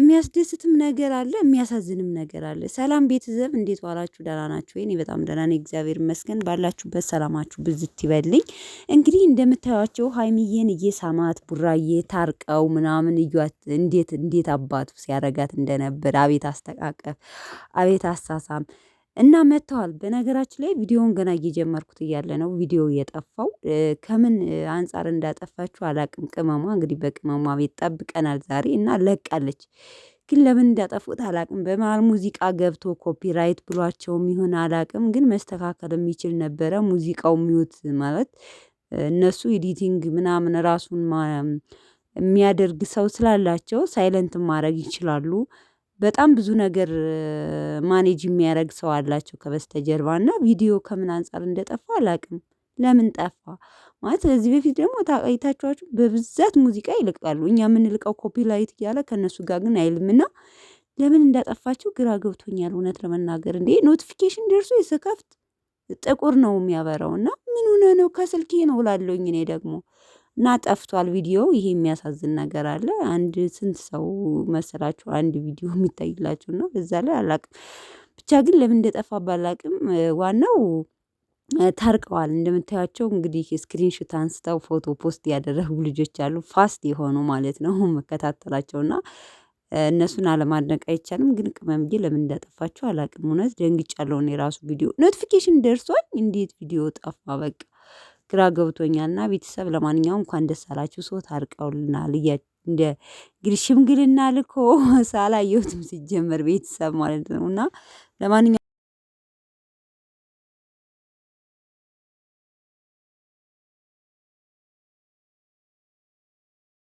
የሚያስደስትም ነገር አለ፣ የሚያሳዝንም ነገር አለ። ሰላም ቤተሰብ እንዴት ዋላችሁ? ደህና ናችሁ ወይ? እኔ በጣም ደህና ነኝ፣ እግዚአብሔር ይመስገን። ባላችሁበት ሰላማችሁ ብዝት ይበልኝ። እንግዲህ እንደምታዩቸው ሀይሚዬን እየሳማት ቡራዬ ታርቀው ምናምን እያት እንዴት እንዴት አባቱ ሲያረጋት እንደነበር አቤት አስተቃቀፍ፣ አቤት አሳሳም እና መጥተዋል። በነገራችን ላይ ቪዲዮውን ገና እየጀመርኩት እያለ ነው ቪዲዮ የጠፋው። ከምን አንጻር እንዳጠፋችሁ አላቅም። ቅመሟ እንግዲህ በቅመሟ ቤት ጠብቀናል ዛሬ እና ለቃለች፣ ግን ለምን እንዳጠፉት አላቅም። በመሀል ሙዚቃ ገብቶ ኮፒራይት ብሏቸውም ይሆን አላቅም፣ ግን መስተካከል የሚችል ነበረ። ሙዚቃው ሚዩት ማለት እነሱ ኤዲቲንግ ምናምን ራሱን የሚያደርግ ሰው ስላላቸው ሳይለንት ማድረግ ይችላሉ። በጣም ብዙ ነገር ማኔጅ የሚያደርግ ሰው አላቸው ከበስተጀርባ እና ቪዲዮ ከምን አንፃር እንደጠፋ አላቅም ለምን ጠፋ? ማለት ከዚህ በፊት ደግሞ አይታችኋቸው በብዛት ሙዚቃ ይልቃሉ እኛ የምንልቀው ኮፒላይት እያለ ከእነሱ ጋር ግን አይልምና። ለምን እንዳጠፋቸው ግራ ገብቶኛል። እውነት ለመናገር እንዴ ኖቲፊኬሽን ደርሶ ስከፍት ጥቁር ነው የሚያበራው እና ምን ሆነ ነው ከስልኬ ነው ላለኝ እኔ ደግሞ እና ጠፍቷል ቪዲዮ ይሄ የሚያሳዝን ነገር አለ። አንድ ስንት ሰው መሰላችሁ አንድ ቪዲዮ የሚታይላችሁ እና እዛ ላይ አላቅም። ብቻ ግን ለምን እንደጠፋ ባላቅም ዋናው ታርቀዋል። እንደምታያቸው እንግዲህ ስክሪንሽት አንስተው ፎቶ ፖስት ያደረጉ ልጆች አሉ፣ ፋስት የሆኑ ማለት ነው መከታተላቸው እና እነሱን አለማድነቅ አይቻልም። ግን ጌ ለምን እንዳጠፋቸው አላቅም። እውነት ደንግጫለሁ። የራሱ ቪዲዮ ኖቲፊኬሽን ደርሶኝ እንዴት ቪዲዮ ጠፋ በቃ ግራ ገብቶኛል ና ቤተሰብ ለማንኛውም እንኳን ደስ አላችሁ። ሰው ታርቀውልናል እያ እንደ እንግዲህ ሽምግልና ልኮ ሳላየሁትም ሲጀመር ቤተሰብ ማለት ነው እና ለማንኛውም